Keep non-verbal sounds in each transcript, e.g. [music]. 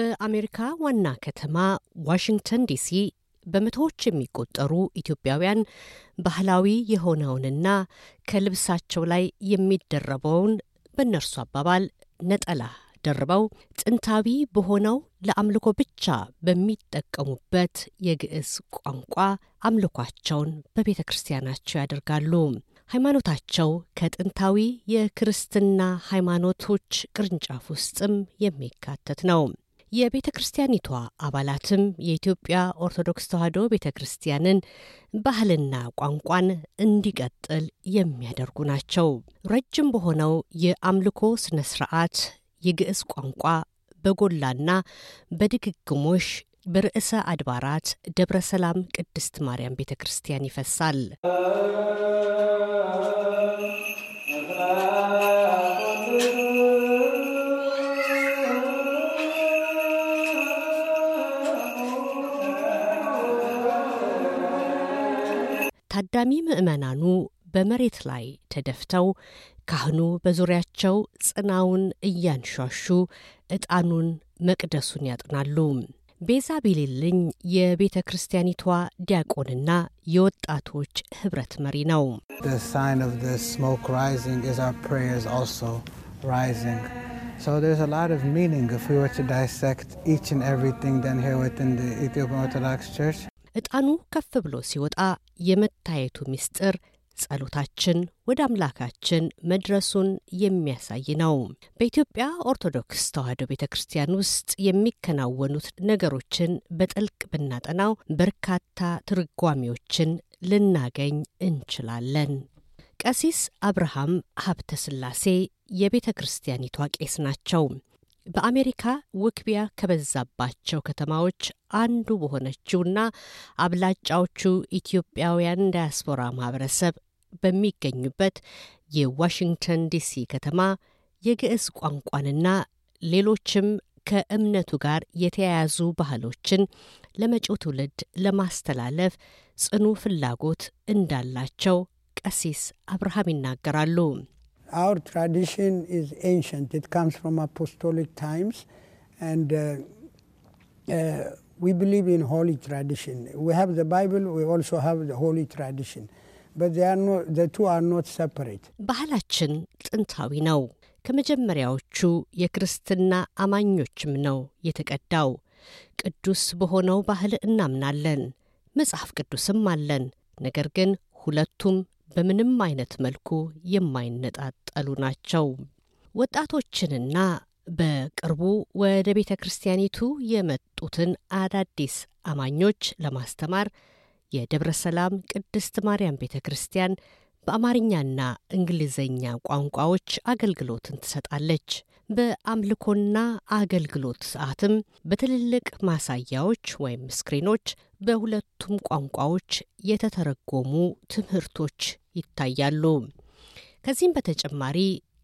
በአሜሪካ ዋና ከተማ ዋሽንግተን ዲሲ በመቶዎች የሚቆጠሩ ኢትዮጵያውያን ባህላዊ የሆነውንና ከልብሳቸው ላይ የሚደረበውን በእነርሱ አባባል ነጠላ ደርበው ጥንታዊ በሆነው ለአምልኮ ብቻ በሚጠቀሙበት የግዕዝ ቋንቋ አምልኳቸውን በቤተ ክርስቲያናቸው ያደርጋሉ። ሃይማኖታቸው ከጥንታዊ የክርስትና ሃይማኖቶች ቅርንጫፍ ውስጥም የሚካተት ነው። የቤተ ክርስቲያኒቷ አባላትም የኢትዮጵያ ኦርቶዶክስ ተዋሕዶ ቤተ ክርስቲያንን ባህልና ቋንቋን እንዲቀጥል የሚያደርጉ ናቸው። ረጅም በሆነው የአምልኮ ስነ ስርዓት የግዕዝ ቋንቋ በጎላና በድግግሞሽ በርዕሰ አድባራት ደብረ ሰላም ቅድስት ማርያም ቤተ ክርስቲያን ይፈሳል። ተቀዳሚ ምዕመናኑ በመሬት ላይ ተደፍተው ካህኑ በዙሪያቸው ጽናውን እያንሿሹ ዕጣኑን መቅደሱን ያጥናሉ። ቤዛ ቢሌልኝ የቤተ ክርስቲያኒቷ ዲያቆንና የወጣቶች ኅብረት መሪ ነው። ሚኒንግ ዳይሴክት ኢች ኤንድ ኤቭሪቲንግ ኦርቶዶክስ ቸርች ዕጣኑ ከፍ ብሎ ሲወጣ የመታየቱ ምስጢር ጸሎታችን ወደ አምላካችን መድረሱን የሚያሳይ ነው። በኢትዮጵያ ኦርቶዶክስ ተዋሕዶ ቤተ ክርስቲያን ውስጥ የሚከናወኑት ነገሮችን በጥልቅ ብናጠናው በርካታ ትርጓሚዎችን ልናገኝ እንችላለን። ቀሲስ አብርሃም ሀብተ ስላሴ የቤተ ክርስቲያኒቷ ቄስ ናቸው። በአሜሪካ ውክቢያ ከበዛባቸው ከተማዎች አንዱ በሆነችውና አብላጫዎቹ ኢትዮጵያውያን ዳያስፖራ ማህበረሰብ በሚገኙበት የዋሽንግተን ዲሲ ከተማ የግዕዝ ቋንቋንና ሌሎችም ከእምነቱ ጋር የተያያዙ ባህሎችን ለመጪው ትውልድ ለማስተላለፍ ጽኑ ፍላጎት እንዳላቸው ቀሲስ አብርሃም ይናገራሉ። Our tradition is ancient. It comes from apostolic times, and uh, uh, we believe in holy tradition. We have the Bible. We also have the holy tradition, but they are not, the two are not separate. ባህላችን ጥንታዊ ነው። ከመጀመሪያዎቹ የክርስትና አማኞችም ነው የተቀዳው። ቅዱስ በሆነው ባህል እናምናለን። መጽሐፍ ቅዱስም አለን። ነገር ግን ሁለቱም በምንም አይነት መልኩ የማይነጣጠሉ ናቸው። ወጣቶችንና በቅርቡ ወደ ቤተ ክርስቲያኒቱ የመጡትን አዳዲስ አማኞች ለማስተማር የደብረ ሰላም ቅድስት ማርያም ቤተ ክርስቲያን በአማርኛና እንግሊዝኛ ቋንቋዎች አገልግሎትን ትሰጣለች። በአምልኮና አገልግሎት ሰዓትም በትልልቅ ማሳያዎች ወይም ስክሪኖች በሁለቱም ቋንቋዎች የተተረጎሙ ትምህርቶች ይታያሉ። ከዚህም በተጨማሪ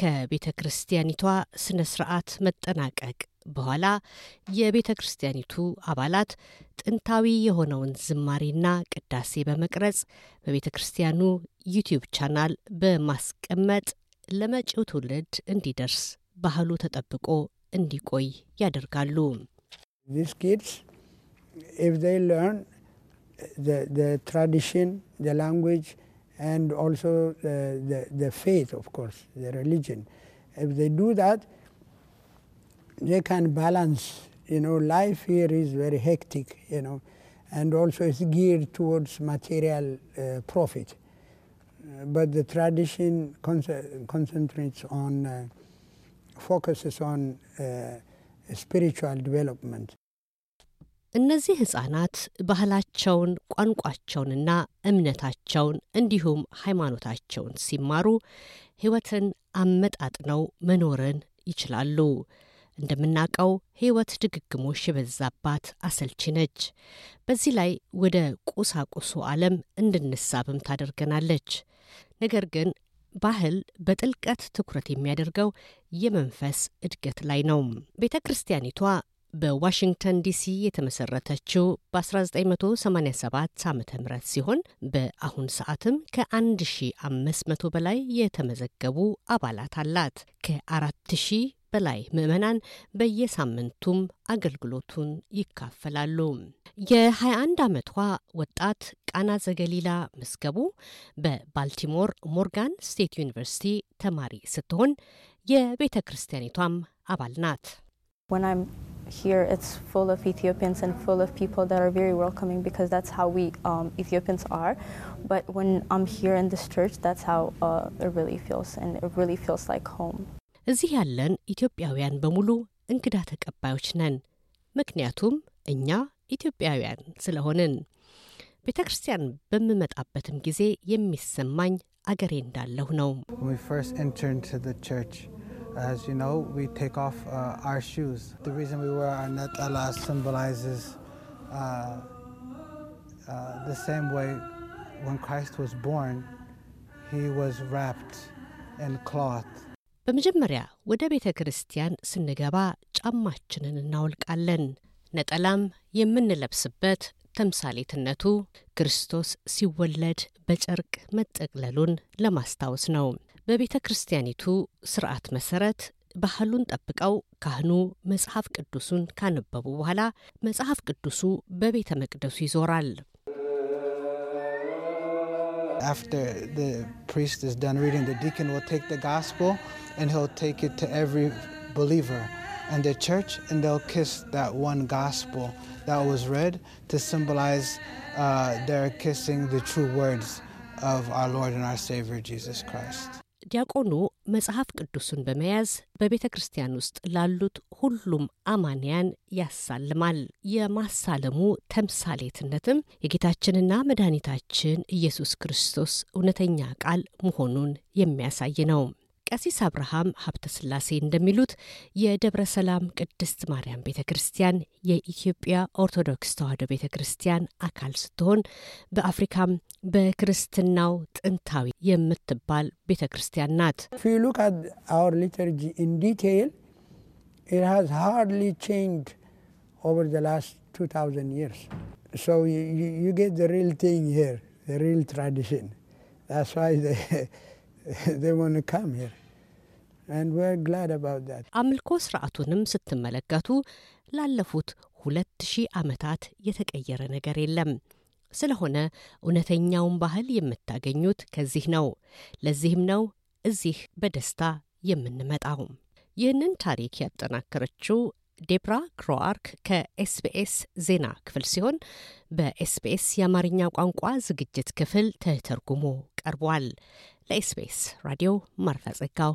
ከቤተ ክርስቲያኒቷ ስነ ስርዓት መጠናቀቅ በኋላ የቤተ ክርስቲያኒቱ አባላት ጥንታዊ የሆነውን ዝማሬና ቅዳሴ በመቅረጽ በቤተ ክርስቲያኑ ዩቲዩብ ቻናል በማስቀመጥ ለመጪው ትውልድ እንዲደርስ ባህሉ ተጠብቆ እንዲቆይ ያደርጋሉ። if they learn the, the tradition, the language, and also the, the, the faith, of course, the religion. If they do that, they can balance. You know, life here is very hectic, you know, and also it's geared towards material uh, profit. but the tradition concentrates on, uh, focuses on uh, spiritual development. እነዚህ ሕፃናት ባህላቸውን፣ ቋንቋቸውንና እምነታቸውን እንዲሁም ሃይማኖታቸውን ሲማሩ ሕይወትን አመጣጥነው መኖርን ይችላሉ። እንደምናውቀው ሕይወት ድግግሞሽ የበዛባት አሰልቺ ነች። በዚህ ላይ ወደ ቁሳቁሱ ዓለም እንድንሳብም ታደርገናለች። ነገር ግን ባህል በጥልቀት ትኩረት የሚያደርገው የመንፈስ እድገት ላይ ነው። ቤተ ክርስቲያኒቷ በዋሽንግተን ዲሲ የተመሰረተችው በ1987 ዓ ም ሲሆን በአሁን ሰዓትም ከ1500 በላይ የተመዘገቡ አባላት አላት። ከ4000 በላይ ምዕመናን በየሳምንቱም አገልግሎቱን ይካፈላሉ። የ21 ዓመቷ ወጣት ቃና ዘገሊላ መዝገቡ በባልቲሞር ሞርጋን ስቴት ዩኒቨርሲቲ ተማሪ ስትሆን የቤተ ክርስቲያኒቷም አባል ናት። here it's full of Ethiopians and full of people that are very welcoming because that's how we um, Ethiopians are. But when I'm here in this church, that's how uh, it really feels, and it really feels like home. እዚህ ያለን ኢትዮጵያውያን በሙሉ እንግዳ ተቀባዮች ነን፣ ምክንያቱም እኛ ኢትዮጵያውያን ስለሆንን። ቤተ ክርስቲያን በምመጣበትም ጊዜ የሚሰማኝ አገሬ እንዳለሁ ነው። As you know, we take off uh, our shoes. The reason we wear our natala symbolizes uh, uh, the same way when Christ was born, he was wrapped in cloth. በመጀመሪያ ወደ ቤተ ክርስቲያን ስንገባ ጫማችንን እናወልቃለን። ነጠላም የምንለብስበት ተምሳሌትነቱ ክርስቶስ ሲወለድ በጨርቅ መጠቅለሉን ለማስታወስ ነው። በቤተ ክርስቲያኒቱ ስርዓት መሰረት ባህሉን ጠብቀው ካህኑ መጽሐፍ ቅዱሱን ካነበቡ በኋላ መጽሐፍ ቅዱሱ በቤተ መቅደሱ ይዞራል። after the priest is done reading, the deacon will take the gospel and he'll take it to every believer and the church and they'll kiss that one gospel that was read to symbolize uh, their kissing the true words of our Lord and our Savior Jesus Christ. ዲያቆኑ መጽሐፍ ቅዱሱን በመያዝ በቤተ ክርስቲያን ውስጥ ላሉት ሁሉም አማንያን ያሳልማል። የማሳለሙ ተምሳሌትነትም የጌታችንና መድኃኒታችን ኢየሱስ ክርስቶስ እውነተኛ ቃል መሆኑን የሚያሳይ ነው። ቀሲስ አብርሃም ሀብተ ስላሴ እንደሚሉት የደብረ ሰላም ቅድስት ማርያም ቤተ ክርስቲያን የኢትዮጵያ ኦርቶዶክስ ተዋሕዶ ቤተ ክርስቲያን አካል ስትሆን በአፍሪካም በክርስትናው ጥንታዊ የምትባል ቤተ ክርስቲያን ናት። ሪል ትራዲሽን [laughs] አምልኮ ስርዓቱንም ስትመለከቱ ላለፉት ሁለት ሺህ ዓመታት የተቀየረ ነገር የለም። ስለሆነ እውነተኛውን ባህል የምታገኙት ከዚህ ነው። ለዚህም ነው እዚህ በደስታ የምንመጣው። ይህንን ታሪክ ያጠናከረችው ዴብራ ክሮአርክ ከኤስቢኤስ ዜና ክፍል ሲሆን በኤስቢኤስ የአማርኛ ቋንቋ ዝግጅት ክፍል ተተርጉሞ ቀርቧል። ለኤስቢኤስ ራዲዮ ማርታ ጸጋው